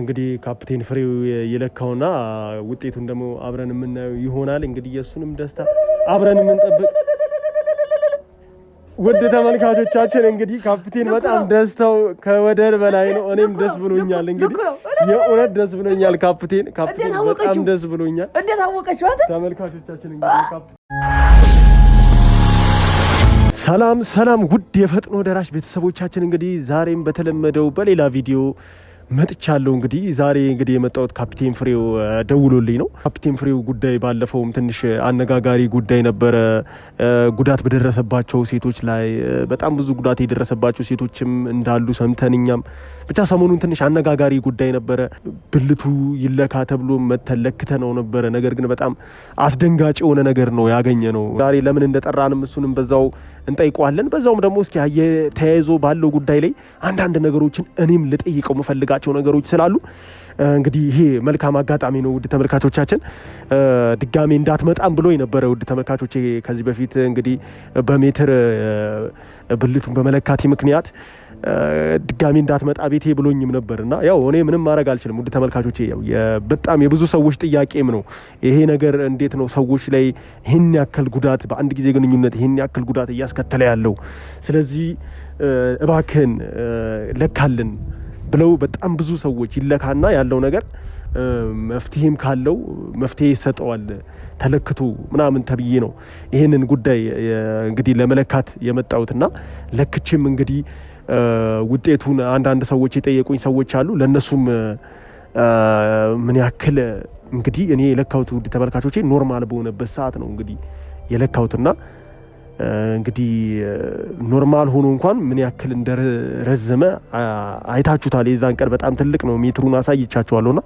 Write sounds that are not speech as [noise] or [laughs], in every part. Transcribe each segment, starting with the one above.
እንግዲህ ካፕቴን ፍሬው የለካውና ውጤቱን ደግሞ አብረን የምናየው ይሆናል። እንግዲህ የእሱንም ደስታ አብረን የምንጠብቅ ውድ ተመልካቾቻችን እንግዲህ ካፕቴን በጣም ደስታው ከወደር በላይ ነው። እኔም ደስ ብሎኛል። እንግዲህ የእውነት ደስ ብሎኛል። ካፕቴን ካፕቴን በጣም ደስ ብሎኛል። ተመልካቾቻችን እንግዲህ ሰላም ሰላም፣ ውድ የፈጥኖ ደራሽ ቤተሰቦቻችን እንግዲህ ዛሬም በተለመደው በሌላ ቪዲዮ መጥቻለሁ እንግዲህ ዛሬ እንግዲህ የመጣሁት ካፒቴን ፍሬው ደውሎልኝ ነው። ካፒቴን ፍሬው ጉዳይ ባለፈውም ትንሽ አነጋጋሪ ጉዳይ ነበረ። ጉዳት በደረሰባቸው ሴቶች ላይ በጣም ብዙ ጉዳት የደረሰባቸው ሴቶችም እንዳሉ ሰምተን እኛም ብቻ ሰሞኑን ትንሽ አነጋጋሪ ጉዳይ ነበረ። ብልቱ ይለካ ተብሎ መተን ነው ነበረ። ነገር ግን በጣም አስደንጋጭ የሆነ ነገር ነው ያገኘ ነው። ዛሬ ለምን እንደጠራንም እሱንም በዛው እንጠይቀዋለን። በዛውም ደግሞ እስኪ ተያይዞ ባለው ጉዳይ ላይ አንዳንድ ነገሮችን እኔም ልጠይቀው የምፈልጋቸው ነገሮች ስላሉ እንግዲህ ይሄ መልካም አጋጣሚ ነው። ውድ ተመልካቾቻችን ድጋሜ እንዳትመጣም ብሎ የነበረ ውድ ተመልካቾች ከዚህ በፊት እንግዲህ በሜትር ብልቱን በመለካቴ ምክንያት ድጋሚ እንዳትመጣ ቤቴ ብሎኝም ነበር እና ያው እኔ ምንም ማድረግ አልችልም። ውድ ተመልካቾቼ በጣም የብዙ ሰዎች ጥያቄም ነው ይሄ ነገር እንዴት ነው ሰዎች ላይ ይህን ያክል ጉዳት በአንድ ጊዜ ግንኙነት ይህን ያክል ጉዳት እያስከተለ ያለው? ስለዚህ እባክህን ለካልን ብለው በጣም ብዙ ሰዎች ይለካና ያለው ነገር መፍትሄም ካለው መፍትሄ ይሰጠዋል ተለክቶ ምናምን ተብዬ ነው ይህንን ጉዳይ እንግዲህ ለመለካት የመጣሁትና ለክቼም እንግዲህ ውጤቱን አንዳንድ ሰዎች የጠየቁኝ ሰዎች አሉ። ለእነሱም ምን ያክል እንግዲህ እኔ የለካሁት ውድ ተመልካቾቼ ኖርማል በሆነበት ሰዓት ነው እንግዲህ የለካሁትና እንግዲህ ኖርማል ሆኖ እንኳን ምን ያክል እንደረዘመ አይታችሁታል። የዛን ቀን በጣም ትልቅ ነው፣ ሜትሩን አሳይቻችኋለሁና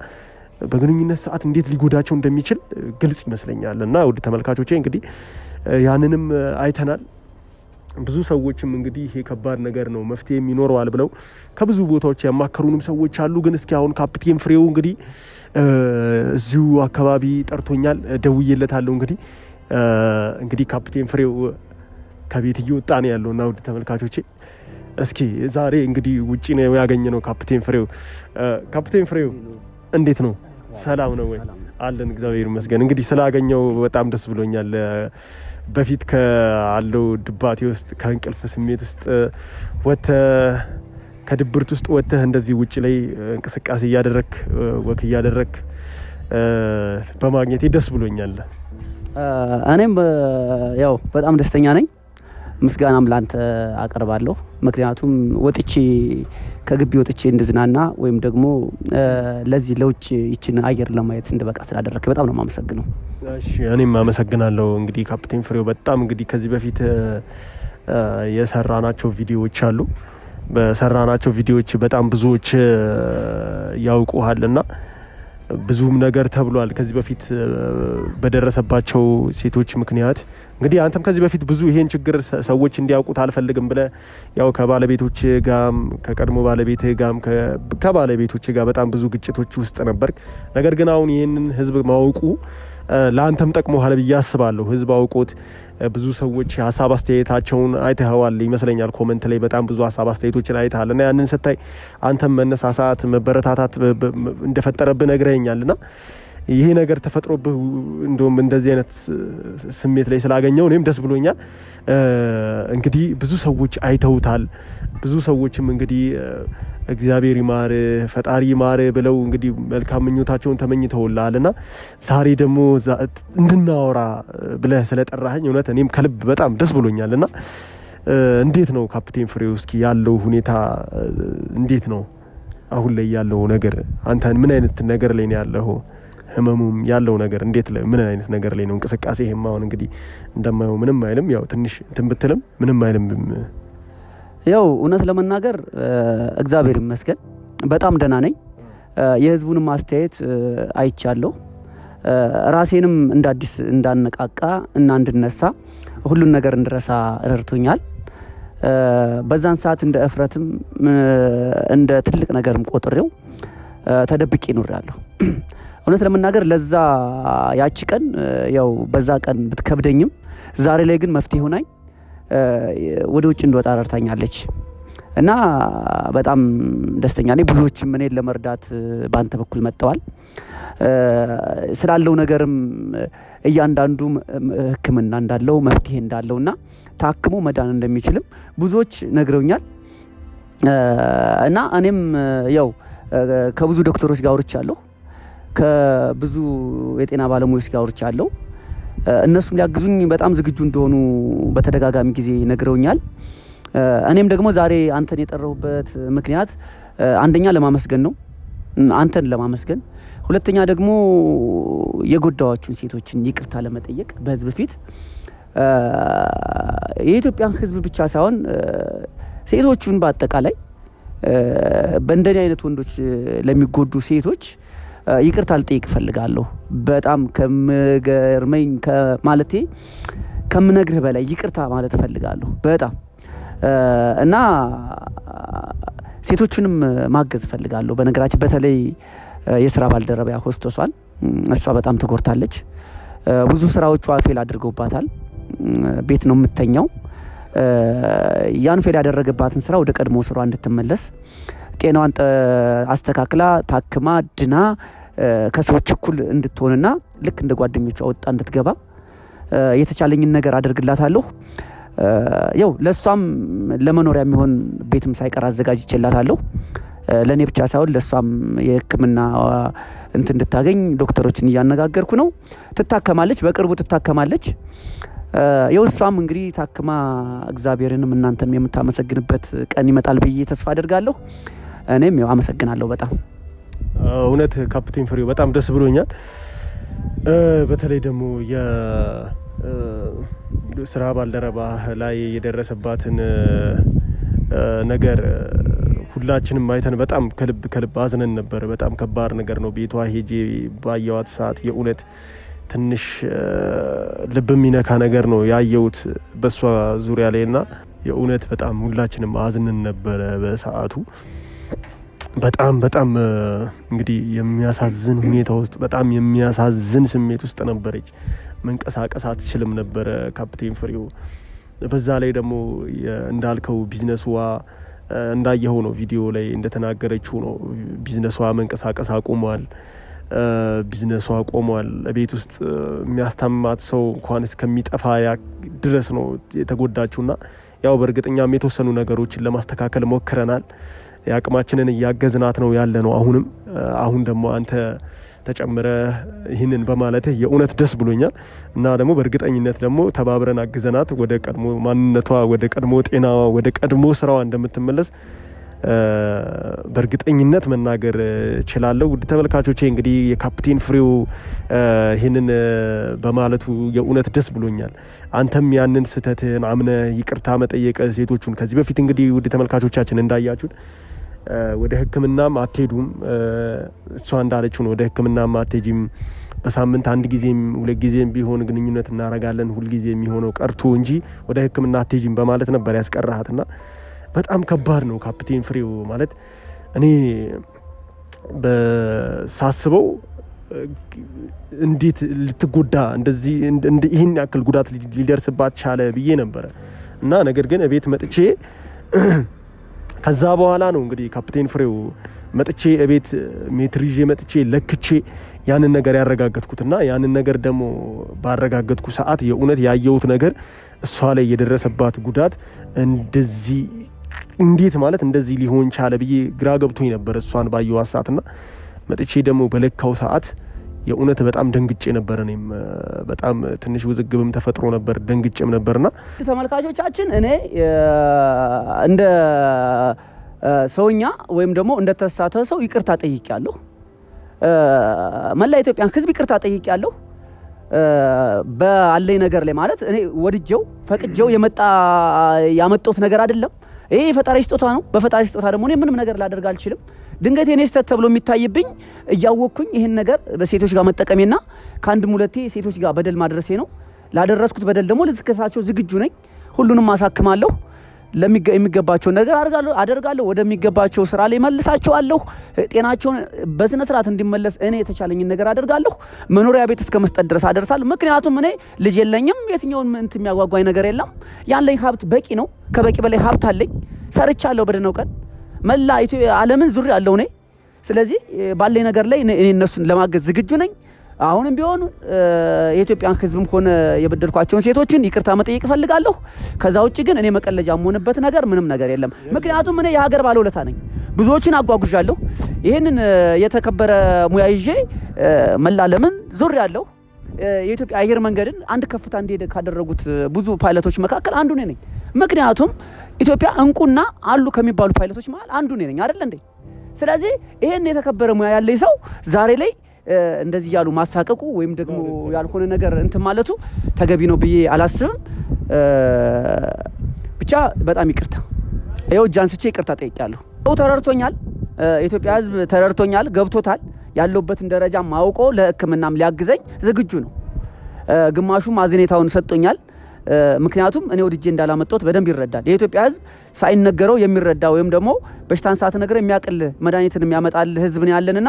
በግንኙነት ሰዓት እንዴት ሊጎዳቸው እንደሚችል ግልጽ ይመስለኛል። እና ውድ ተመልካቾቼ እንግዲህ ያንንም አይተናል። ብዙ ሰዎችም እንግዲህ ይሄ ከባድ ነገር ነው መፍትሄ የሚኖረዋል ብለው ከብዙ ቦታዎች ያማከሩንም ሰዎች አሉ። ግን እስኪ አሁን ካፕቴን ፍሬው እንግዲህ እዚሁ አካባቢ ጠርቶኛል፣ ደውዬለታለሁ። እንግዲህ እንግዲህ ካፕቴን ፍሬው ከቤት እየወጣ ነው ያለው እና ውድ ተመልካቾቼ እስኪ ዛሬ እንግዲህ ውጭ ነው ያገኘ ነው ካፕቴን ፍሬው። ካፕቴን ፍሬው እንዴት ነው? ሰላም ነው ወይ? አለን፣ እግዚአብሔር ይመስገን። እንግዲህ ስላገኘው በጣም ደስ ብሎኛል። በፊት ካለው ድባቴ ውስጥ ከእንቅልፍ ስሜት ውስጥ ወተ ከድብርት ውስጥ ወጥተህ እንደዚህ ውጭ ላይ እንቅስቃሴ እያደረግ ወክ እያደረክ በማግኘቴ ደስ ብሎኛል። እኔም ያው በጣም ደስተኛ ነኝ። ምስጋናም ላንተ አቀርባለሁ። ምክንያቱም ወጥቼ ከግቢ ወጥቼ እንድዝናና ወይም ደግሞ ለዚህ ለውጭ ይችን አየር ለማየት እንድበቃ ስላደረግ በጣም ነው የማመሰግነው። እሺ እኔም አመሰግናለሁ እንግዲህ ካፕቴን ፍሬው በጣም እንግዲህ ከዚህ በፊት የሰራናቸው ቪዲዮዎች አሉ በሰራናቸው ቪዲዮዎች በጣም ብዙዎች ያውቁሃልና ብዙም ነገር ተብሏል። ከዚህ በፊት በደረሰባቸው ሴቶች ምክንያት እንግዲህ አንተም ከዚህ በፊት ብዙ ይሄን ችግር ሰዎች እንዲያውቁት አልፈልግም ብለ ያው ከባለቤቶች ጋም ከቀድሞ ባለቤት ጋም ከባለቤቶች ጋር በጣም ብዙ ግጭቶች ውስጥ ነበር። ነገር ግን አሁን ይህንን ህዝብ ማወቁ ለአንተም ጠቅሞሃል ብዬ አስባለሁ። ህዝብ አውቆት ብዙ ሰዎች ሀሳብ አስተያየታቸውን አይተኸዋል ይመስለኛል። ኮመንት ላይ በጣም ብዙ ሀሳብ አስተያየቶችን አይተሃል እና ያንን ስታይ አንተም መነሳሳት መበረታታት እንደፈጠረብህ ነግረኸኛል እና ይሄ ነገር ተፈጥሮብህ እንደውም እንደዚህ አይነት ስሜት ላይ ስላገኘው እኔም ደስ ብሎኛል። እንግዲህ ብዙ ሰዎች አይተውታል። ብዙ ሰዎችም እንግዲህ እግዚአብሔር ይማር ፈጣሪ ይማር ብለው እንግዲህ መልካም ምኞታቸውን ተመኝተውላል። እና ዛሬ ደግሞ እንድናወራ ብለህ ስለጠራኸኝ እውነት እኔም ከልብ በጣም ደስ ብሎኛል እና እንዴት ነው ካፕቴን ፍሬው እስኪ ያለው ሁኔታ እንዴት ነው አሁን ላይ ያለው ነገር አንተ ምን አይነት ነገር ላይ ነው ያለኸው? ህመሙም ያለው ነገር እንዴት ምን አይነት ነገር ላይ ነው እንቅስቃሴ ይሄም አሁን እንግዲህ እንደማየው ምንም አይልም። ያው ትንሽ እንትን ብትልም ምንም አይልም። ያው እውነት ለመናገር እግዚአብሔር ይመስገን በጣም ደህና ነኝ። የህዝቡንም አስተያየት አይቻለሁ። ራሴንም እንደ አዲስ እንዳነቃቃ እና እንድነሳ ሁሉን ነገር እንድረሳ ረድቶኛል። በዛን ሰዓት እንደ እፍረትም እንደ ትልቅ ነገርም ቆጥሬው ተደብቄ ያለሁ እውነት ለመናገር ለዛ ያቺ ቀን ያው በዛ ቀን ብትከብደኝም ዛሬ ላይ ግን መፍትሄ ሆናኝ ወደ ውጭ እንድወጣ ረድታኛለች እና በጣም ደስተኛ ነኝ። ብዙዎችም እኔን ለመርዳት በአንተ በኩል መጥተዋል። ስላለው ነገርም እያንዳንዱ ሕክምና እንዳለው መፍትሄ እንዳለው እና ታክሞ መዳን እንደሚችልም ብዙዎች ነግረውኛል እና እኔም ያው ከብዙ ዶክተሮች ጋር አውርቻለሁ። ከብዙ የጤና ባለሙያዎች ጋር አውርቻለሁ። እነሱም ሊያግዙኝ በጣም ዝግጁ እንደሆኑ በተደጋጋሚ ጊዜ ነግረውኛል። እኔም ደግሞ ዛሬ አንተን የጠራሁበት ምክንያት አንደኛ ለማመስገን ነው፣ አንተን ለማመስገን ሁለተኛ ደግሞ የጎዳዋችሁን ሴቶችን ይቅርታ ለመጠየቅ በህዝብ ፊት የኢትዮጵያን ህዝብ ብቻ ሳይሆን ሴቶቹን በአጠቃላይ በእንደኔ አይነት ወንዶች ለሚጎዱ ሴቶች ይቅርታ ልጠይቅ እፈልጋለሁ። በጣም ከምገርመኝ ማለቴ ከምነግርህ በላይ ይቅርታ ማለት እፈልጋለሁ በጣም እና ሴቶችንም ማገዝ እፈልጋለሁ። በነገራችን በተለይ የስራ ባልደረቢያ ሆስቶሷን እሷ በጣም ትጎርታለች። ብዙ ስራዎቿ ፌል አድርገውባታል። ቤት ነው የምተኛው። ያን ፌል ያደረገባትን ስራ ወደ ቀድሞ ስሯ እንድትመለስ ጤናዋን አስተካክላ ታክማ ድና ከሰዎች እኩል እንድትሆንና ልክ እንደ ጓደኞቿ ወጣ እንድትገባ የተቻለኝን ነገር አደርግላታለሁ። ያው ለእሷም ለመኖሪያ የሚሆን ቤትም ሳይቀር አዘጋጅ ይችላታለሁ። ለእኔ ብቻ ሳይሆን ለእሷም የሕክምና እንት እንድታገኝ ዶክተሮችን እያነጋገርኩ ነው። ትታከማለች፣ በቅርቡ ትታከማለች። ያው እሷም እንግዲህ ታክማ እግዚአብሔርንም እናንተም የምታመሰግንበት ቀን ይመጣል ብዬ ተስፋ አደርጋለሁ። እኔም ያው አመሰግናለሁ በጣም እውነት ካፕቴን ፍሬው በጣም ደስ ብሎኛል። በተለይ ደግሞ የስራ ባልደረባ ላይ የደረሰባትን ነገር ሁላችንም አይተን በጣም ከልብ ከልብ አዝነን ነበር። በጣም ከባድ ነገር ነው። ቤቷ ሄጄ ባየዋት ሰዓት የእውነት ትንሽ ልብ የሚነካ ነገር ነው ያየሁት በእሷ ዙሪያ ላይ እና የእውነት በጣም ሁላችንም አዝነን ነበረ በሰዓቱ በጣም በጣም እንግዲህ የሚያሳዝን ሁኔታ ውስጥ በጣም የሚያሳዝን ስሜት ውስጥ ነበረች። መንቀሳቀስ አትችልም ነበረ ካፕቴን ፍሬው። በዛ ላይ ደግሞ እንዳልከው ቢዝነስዋ እንዳየኸው ነው፣ ቪዲዮ ላይ እንደተናገረችው ነው። ቢዝነሷ መንቀሳቀስ አቁሟል። ቢዝነሷ ቆሟል። ቤት ውስጥ የሚያስታምማት ሰው እንኳን እስከሚጠፋ ድረስ ነው የተጎዳችውና ያው በእርግጠኛም የተወሰኑ ነገሮችን ለማስተካከል ሞክረናል። የአቅማችንን እያገዝናት ነው ያለ ነው። አሁንም አሁን ደግሞ አንተ ተጨምረ ይህንን በማለትህ የእውነት ደስ ብሎኛል እና ደግሞ በእርግጠኝነት ደግሞ ተባብረን አግዘናት ወደ ቀድሞ ማንነቷ፣ ወደ ቀድሞ ጤናዋ፣ ወደ ቀድሞ ስራዋ እንደምትመለስ በእርግጠኝነት መናገር ችላለሁ። ውድ ተመልካቾቼ እንግዲህ የካፕቴን ፍሬው ይህንን በማለቱ የእውነት ደስ ብሎኛል። አንተም ያንን ስህተትህን አምነ ይቅርታ መጠየቀ ሴቶቹን ከዚህ በፊት እንግዲህ ውድ ተመልካቾቻችን እንዳያችሁን ወደ ህክምናም አትሄዱም። እሷ እንዳለችው ነው። ወደ ህክምና አትሄጂም። በሳምንት አንድ ጊዜም ሁለት ጊዜም ቢሆን ግንኙነት እናረጋለን ሁልጊዜ የሚሆነው ቀርቶ እንጂ ወደ ህክምና አትሄጂም በማለት ነበር ያስቀራሃትና በጣም ከባድ ነው። ካፕቴን ፍሬው ማለት እኔ በሳስበው እንዴት ልትጎዳ እንደዚህ ይህን ያክል ጉዳት ሊደርስባት ቻለ ብዬ ነበረ እና ነገር ግን እቤት መጥቼ ከዛ በኋላ ነው እንግዲህ ካፕቴን ፍሬው መጥቼ እቤት ሜትር ይዤ መጥቼ ለክቼ ያንን ነገር ያረጋገጥኩትና ያንን ነገር ደግሞ ባረጋገጥኩ ሰዓት የእውነት ያየሁት ነገር እሷ ላይ የደረሰባት ጉዳት እንደዚህ እንዴት ማለት እንደዚህ ሊሆን ቻለ ብዬ ግራ ገብቶኝ ነበር እሷን ባየኋት ሰዓትና መጥቼ ደግሞ በለካው ሰዓት የእውነት በጣም ደንግጬ ነበር። እኔም በጣም ትንሽ ውዝግብም ተፈጥሮ ነበር፣ ደንግጬም ነበርና ተመልካቾቻችን እኔ እንደ ሰውኛ ወይም ደግሞ ተሳተ ሰው ይቅርታ ጠይቄያለሁ። መላ ኢትዮጵያን ሕዝብ ይቅርታ ጠይቄያለሁ። በአለኝ ነገር ላይ ማለት እኔ ወድጀው ፈቅጀው የመጣ ያመጣሁት ነገር አይደለም። ይሄ የፈጣሪ ስጦታ ነው። በፈጣሪ ስጦታ ደግሞ እኔ ምንም ነገር ላደርግ አልችልም። ድንገት የኔ ስተት ተብሎ የሚታይብኝ እያወቅኩኝ ይህን ነገር በሴቶች ጋር መጠቀሜና ከአንድም ሁለቴ ሴቶች ጋር በደል ማድረሴ ነው። ላደረስኩት በደል ደግሞ ልዝከሳቸው ዝግጁ ነኝ። ሁሉንም አሳክማለሁ። የሚገባቸውን ነገር አደርጋለሁ። ወደሚገባቸው ስራ ላይ መልሳቸዋለሁ። ጤናቸውን በስነ ስርዓት እንዲመለስ እኔ የተቻለኝን ነገር አደርጋለሁ። መኖሪያ ቤት እስከ መስጠት ድረስ አደርሳለሁ። ምክንያቱም እኔ ልጅ የለኝም። የትኛውን ምንት የሚያጓጓኝ ነገር የለም። ያለኝ ሀብት በቂ ነው። ከበቂ በላይ ሀብት አለኝ። ሰርቻለሁ በደነው ቀን መላ ዓለምን ዙሪ አለው እኔ። ስለዚህ ባለኝ ነገር ላይ እኔ እነሱን ለማገዝ ዝግጁ ነኝ። አሁንም ቢሆን የኢትዮጵያን ሕዝብም ሆነ የበደልኳቸውን ሴቶችን ይቅርታ መጠየቅ እፈልጋለሁ። ከዛ ውጭ ግን እኔ መቀለጃ የምሆንበት ነገር ምንም ነገር የለም። ምክንያቱም እኔ የሀገር ባለውለታ ነኝ፣ ብዙዎችን አጓጉዣለሁ። ይህንን የተከበረ ሙያ ይዤ ለምን ዙር ያለው የኢትዮጵያ አየር መንገድን አንድ ከፍታ እንዲሄድ ካደረጉት ብዙ ፓይለቶች መካከል አንዱ እኔ ነኝ። ምክንያቱም ኢትዮጵያ እንቁና አሉ ከሚባሉ ፓይለቶች መሀል አንዱ እኔ ነኝ አይደል እንዴ? ስለዚህ ይሄን የተከበረ ሙያ ያለ ሰው ዛሬ ላይ እንደዚህ እያሉ ማሳቀቁ ወይም ደግሞ ያልሆነ ነገር እንትን ማለቱ ተገቢ ነው ብዬ አላስብም። ብቻ በጣም ይቅርታ፣ ይኸው እጅ አንስቼ ይቅርታ ጠይቄያለሁ። ሰው ተረድቶኛል፣ የኢትዮጵያ ሕዝብ ተረድቶኛል፣ ገብቶታል። ያለውበትን ደረጃ ማውቆ ለሕክምናም ሊያግዘኝ ዝግጁ ነው። ግማሹም ማዝኔታውን ሰጥቶኛል። ምክንያቱም እኔ ወድጄ እንዳላመጣሁት በደንብ ይረዳል። የኢትዮጵያ ሕዝብ ሳይነገረው የሚረዳ ወይም ደግሞ በሽታን ነገር የሚያቅል መድኃኒትን የሚያመጣል ሕዝብ ነው ያለንና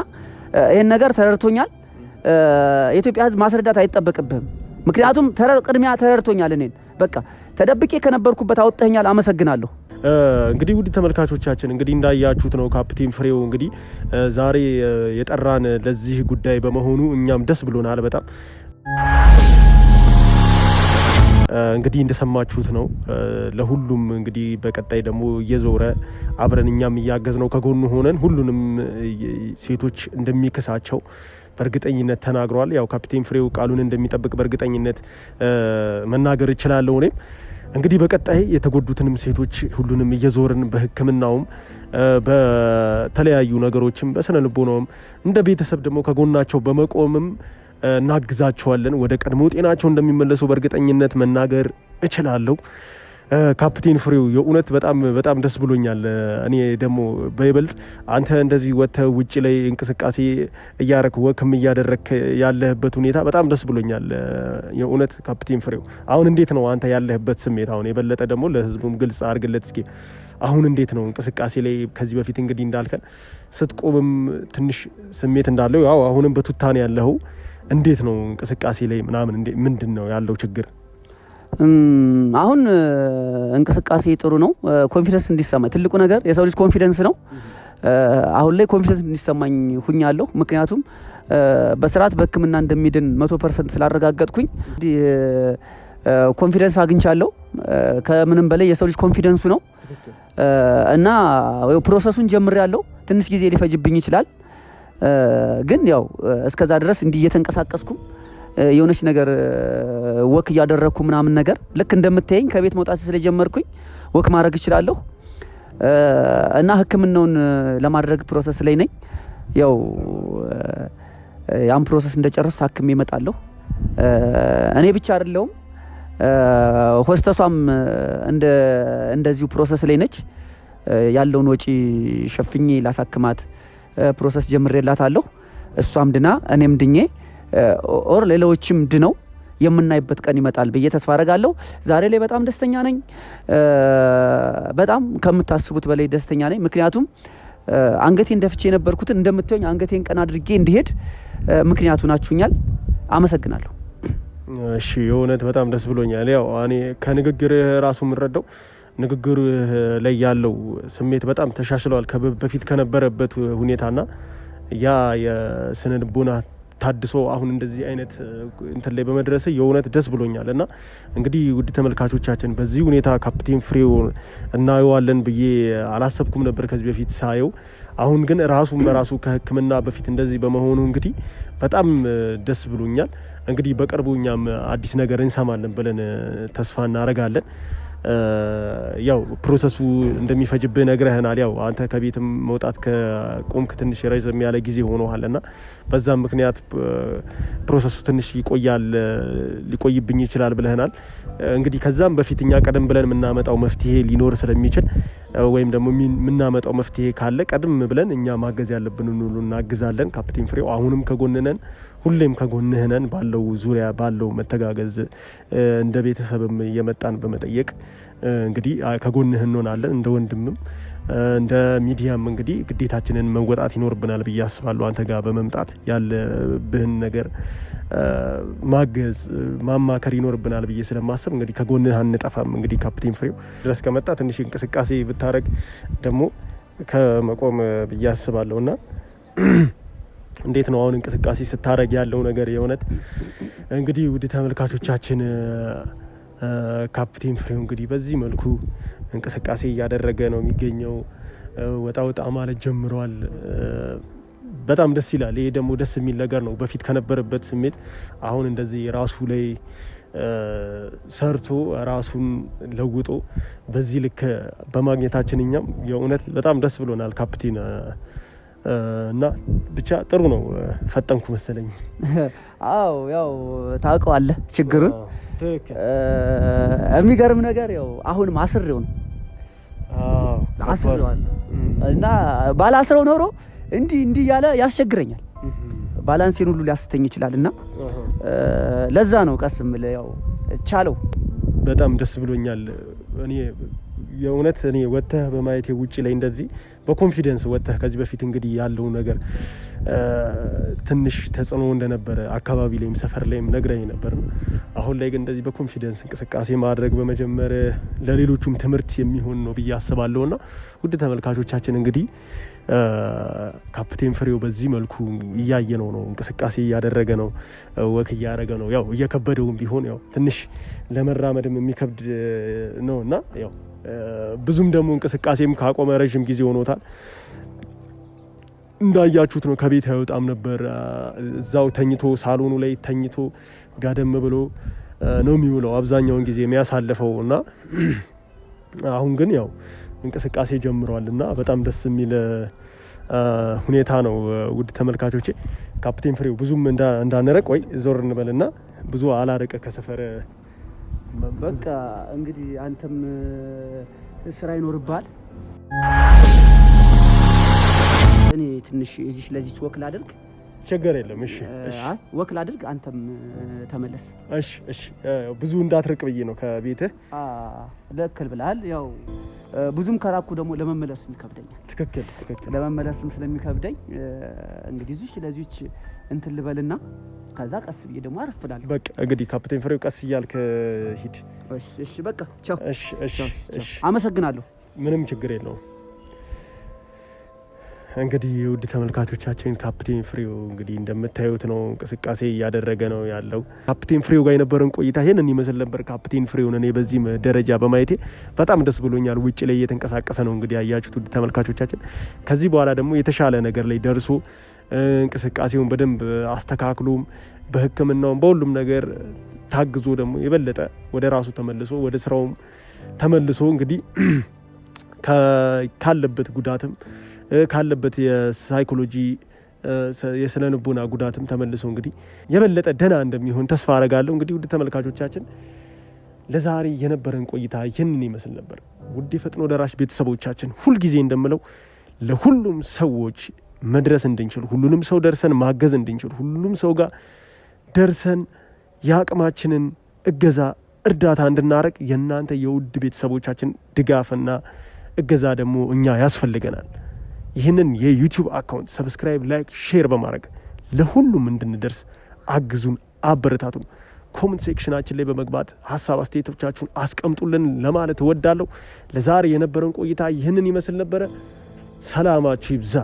ይህን ነገር ተረድቶኛል። የኢትዮጵያ ሕዝብ ማስረዳት አይጠበቅብህም። ምክንያቱም ቅድሚያ ተረድቶኛል እኔን በቃ ተደብቄ ከነበርኩበት አወጣኛል። አመሰግናለሁ። እንግዲህ ውድ ተመልካቾቻችን እንግዲህ እንዳያችሁት ነው ካፕቴን ፍሬው እንግዲህ ዛሬ የጠራን ለዚህ ጉዳይ በመሆኑ እኛም ደስ ብሎናል በጣም እንግዲህ እንደሰማችሁት ነው። ለሁሉም እንግዲህ በቀጣይ ደግሞ እየዞረ አብረን እኛም እያገዝ ነው ከጎኑ ሆነን ሁሉንም ሴቶች እንደሚክሳቸው በእርግጠኝነት ተናግረዋል። ያው ካፒቴን ፍሬው ቃሉን እንደሚጠብቅ በእርግጠኝነት መናገር እችላለሁ እኔም እንግዲህ በቀጣይ የተጎዱትንም ሴቶች ሁሉንም እየዞርን በሕክምናውም በተለያዩ ነገሮችም በስነ ልቦናውም እንደ ቤተሰብ ደግሞ ከጎናቸው በመቆምም እናግዛቸዋለን። ወደ ቀድሞ ጤናቸው እንደሚመለሱ በእርግጠኝነት መናገር እችላለሁ። ካፕቴን ፍሬው የእውነት በጣም በጣም ደስ ብሎኛል። እኔ ደግሞ በይበልጥ አንተ እንደዚህ ወጥተህ ውጭ ላይ እንቅስቃሴ እያረክ ወክም እያደረክ ያለህበት ሁኔታ በጣም ደስ ብሎኛል። የእውነት ካፕቴን ፍሬው አሁን እንዴት ነው አንተ ያለህበት ስሜት? አሁን የበለጠ ደግሞ ለህዝቡም ግልጽ አድርግለት እስኪ አሁን እንዴት ነው እንቅስቃሴ ላይ ከዚህ በፊት እንግዲህ እንዳልከን ስትቆምም ትንሽ ስሜት እንዳለው ያው አሁንም በቱታን ያለኸው እንዴት ነው እንቅስቃሴ ላይ ምናምን ምንድን ነው ያለው ችግር? አሁን እንቅስቃሴ ጥሩ ነው። ኮንፊደንስ እንዲሰማኝ ትልቁ ነገር የሰው ልጅ ኮንፊደንስ ነው። አሁን ላይ ኮንፊደንስ እንዲሰማኝ ሁኛለሁ። ምክንያቱም በስርዓት በሕክምና እንደሚድን መቶ ፐርሰንት ስላረጋገጥኩኝ ኮንፊደንስ አግኝቻለሁ። ከምንም በላይ የሰው ልጅ ኮንፊደንሱ ነው እና ፕሮሰሱን ጀምሬያለሁ። ትንሽ ጊዜ ሊፈጅብኝ ይችላል። ግን ያው እስከዛ ድረስ እንዲህ እየተንቀሳቀስኩ የሆነች ነገር ወክ እያደረግኩ ምናምን ነገር ልክ እንደምታየኝ ከቤት መውጣት ስለጀመርኩኝ ወክ ማድረግ እችላለሁ እና ሕክምናውን ለማድረግ ፕሮሰስ ላይ ነኝ። ያው ያን ፕሮሰስ እንደጨረስ ታክም ይመጣለሁ። እኔ ብቻ አይደለውም፣ ሆስተሷም እንደዚሁ ፕሮሰስ ላይ ነች። ያለውን ወጪ ሸፍኜ ላሳክማት ፕሮሰስ ጀምሬላታለሁ። እሷም ድና እኔም ድኜ ኦር ሌሎችም ድነው የምናይበት ቀን ይመጣል ብዬ ተስፋ አረጋለሁ። ዛሬ ላይ በጣም ደስተኛ ነኝ። በጣም ከምታስቡት በላይ ደስተኛ ነኝ። ምክንያቱም አንገቴን ደፍቼ የነበርኩትን እንደምትወኝ አንገቴን ቀና አድርጌ እንዲሄድ ምክንያቱ ናችሁኛል። አመሰግናለሁ። እሺ፣ የእውነት በጣም ደስ ብሎኛል። ያው እኔ ከንግግር ራሱ የምንረዳው ንግግር ላይ ያለው ስሜት በጣም ተሻሽለዋል በፊት ከነበረበት ሁኔታና ያ የስነ ልቦና ታድሶ አሁን እንደዚህ አይነት እንትን ላይ በመድረስ የእውነት ደስ ብሎኛል። እና እንግዲህ ውድ ተመልካቾቻችን በዚህ ሁኔታ ካፕቴን ፍሬው እናየዋለን ብዬ አላሰብኩም ነበር ከዚህ በፊት ሳየው። አሁን ግን ራሱ በራሱ ከህክምና በፊት እንደዚህ በመሆኑ እንግዲህ በጣም ደስ ብሎኛል። እንግዲህ በቅርቡ እኛም አዲስ ነገር እንሰማለን ብለን ተስፋ እናደርጋለን። ያው ፕሮሰሱ እንደሚፈጅብህ ነግረህናል። ያው አንተ ከቤትም መውጣት ከቆምክ ትንሽ ረዘም ያለ ጊዜ ሆኖሃል እና በዛም ምክንያት ፕሮሰሱ ትንሽ ይቆያል ሊቆይብኝ ይችላል ብለህናል። እንግዲህ ከዛም በፊት እኛ ቀደም ብለን የምናመጣው መፍትሄ ሊኖር ስለሚችል ወይም ደግሞ የምናመጣው መፍትሄ ካለ ቀደም ብለን እኛ ማገዝ ያለብን ሁሉ እናግዛለን። ካፕቴን ፍሬው አሁንም ከጎንነን ሁሌም ከጎንህ ነን ባለው ዙሪያ ባለው መተጋገዝ እንደ ቤተሰብም እየመጣን በመጠየቅ እንግዲህ ከጎንህ እንሆናለን። እንደ ወንድምም እንደ ሚዲያም እንግዲህ ግዴታችንን መወጣት ይኖርብናል ብዬ አስባለሁ። አንተ ጋር በመምጣት ያለብህን ነገር ማገዝ ማማከር ይኖርብናል ብዬ ስለማስብ እንግዲህ ከጎንህ አንጠፋም። እንግዲህ ካፕቴን ፍሬው ድረስ ከመጣ ትንሽ እንቅስቃሴ ብታደረግ ደግሞ ከመቆም ብዬ አስባለሁ እና [clears throat] እንዴት ነው አሁን እንቅስቃሴ ስታደረግ ያለው ነገር? የእውነት እንግዲህ ውድ ተመልካቾቻችን ካፕቴን ፍሬው እንግዲህ በዚህ መልኩ እንቅስቃሴ እያደረገ ነው የሚገኘው። ወጣ ወጣ ማለት ጀምሯል። በጣም ደስ ይላል። ይሄ ደግሞ ደስ የሚል ነገር ነው። በፊት ከነበረበት ስሜት አሁን እንደዚህ ራሱ ላይ ሰርቶ ራሱን ለውጦ በዚህ ልክ በማግኘታችን እኛም የእውነት በጣም ደስ ብሎናል ካፕቴን እና ብቻ ጥሩ ነው። ፈጠንኩ መሰለኝ። [laughs] አዎ ያው ታውቀዋለህ ችግሩን። የሚገርም ነገር ያው አሁንም አስሬው ነው አስሬዋለሁ እና ባላስረው ኖሮ እንዲህ እንዲህ እያለ ያስቸግረኛል። ባላንሴን ሁሉ ሊያስተኝ ይችላል። እና ለዛ ነው ቀስ የምልህ ያው ቻለው። በጣም ደስ ብሎኛል። እኔ የእውነት እኔ ወጥተህ በማየቴ ውጭ ላይ እንደዚህ በኮንፊደንስ ወጥተህ ከዚህ በፊት እንግዲህ ያለው ነገር ትንሽ ተጽዕኖ እንደነበረ አካባቢ ላይም ሰፈር ላይም ነግረኝ ነበር። አሁን ላይ ግን እንደዚህ በኮንፊደንስ እንቅስቃሴ ማድረግ በመጀመር ለሌሎቹም ትምህርት የሚሆን ነው ብዬ አስባለሁ። ና ውድ ተመልካቾቻችን እንግዲህ ካፕቴን ፍሬው በዚህ መልኩ እያየ ነው ነው እንቅስቃሴ እያደረገ ነው፣ ወክ እያደረገ ነው። ያው እየከበደውም ቢሆን ያው ትንሽ ለመራመድም የሚከብድ ነው እና ያው ብዙም ደግሞ እንቅስቃሴም ካቆመ ረዥም ጊዜ ሆኖታል። እንዳያችሁት ነው። ከቤት አይወጣም ነበር። እዛው ተኝቶ ሳሎኑ ላይ ተኝቶ ጋደም ብሎ ነው የሚውለው አብዛኛውን ጊዜ የሚያሳልፈው እና [clears throat] አሁን ግን ያው እንቅስቃሴ ጀምሯል እና በጣም ደስ የሚል ሁኔታ ነው። ውድ ተመልካቾቼ ካፕቴን ፍሬው ብዙም እንዳንረቅ ወይ ዞር እንበልና ብዙ አላረቀ ከሰፈር በቃ እንግዲህ አንተም ስራ ይኖርብሃል። እኔ ትንሽ እዚህ ለዚች ወክል አድርግ ችግር የለም። እሺ እሺ፣ ወክ ላድርግ፣ አንተም ተመለስ። ወክል አድርግ። አንተም ተመለስ እሺ እሺ ብዙ እንዳትርቅ ብዬ ነው ከቤትህ። ለክል ብለሃል ያው ብዙም ከራኩ ደግሞ ለመመለስም ይከብደኛል። ትክክል ትክክል። ለመመለስም ስለሚከብደኝ እንግዲህ ዚች ለዚች እንትን ልበልና ከዛ ቀስ ብዬ ደግሞ አርፍላለሁ። በቃ እንግዲህ ካፕቴን ፍሬው ቀስ እያልክ ሂድ። እሺ፣ በቃ ቻው። እሺ፣ እሺ፣ አመሰግናለሁ። ምንም ችግር የለውም። እንግዲህ ውድ ተመልካቾቻችን ካፕቴን ፍሬው እንግዲህ እንደምታዩት ነው እንቅስቃሴ እያደረገ ነው ያለው። ካፕቴን ፍሬው ጋር የነበረን ቆይታ ይህንን ይመስል ነበር። ካፕቴን ፍሬውን እኔ በዚህም ደረጃ በማየቴ በጣም ደስ ብሎኛል። ውጭ ላይ እየተንቀሳቀሰ ነው እንግዲህ ያያችሁት ውድ ተመልካቾቻችን። ከዚህ በኋላ ደግሞ የተሻለ ነገር ላይ ደርሶ እንቅስቃሴውን በደንብ አስተካክሎም በሕክምናውም በሁሉም ነገር ታግዞ ደግሞ የበለጠ ወደ ራሱ ተመልሶ ወደ ስራውም ተመልሶ እንግዲህ [clears throat] ካለበት ጉዳትም ካለበት የሳይኮሎጂ የስነ ልቦና ጉዳትም ተመልሶ እንግዲህ የበለጠ ደህና እንደሚሆን ተስፋ አረጋለሁ። እንግዲህ ውድ ተመልካቾቻችን ለዛሬ የነበረን ቆይታ ይህንን ይመስል ነበር። ውድ የፈጥኖ ደራሽ ቤተሰቦቻችን ሁልጊዜ እንደምለው ለሁሉም ሰዎች መድረስ እንድንችል ሁሉንም ሰው ደርሰን ማገዝ እንድንችል ሁሉም ሰው ጋር ደርሰን የአቅማችንን እገዛ እርዳታ እንድናደርግ የእናንተ የውድ ቤተሰቦቻችን ድጋፍና እገዛ ደግሞ እኛ ያስፈልገናል። ይህንን የዩቲዩብ አካውንት ሰብስክራይብ፣ ላይክ፣ ሼር በማድረግ ለሁሉም እንድንደርስ አግዙን፣ አበረታቱን። ኮመንት ሴክሽናችን ላይ በመግባት ሀሳብ አስተያየቶቻችሁን አስቀምጡልን ለማለት እወዳለሁ። ለዛሬ የነበረን ቆይታ ይህንን ይመስል ነበረ። ሰላማችሁ ይብዛ።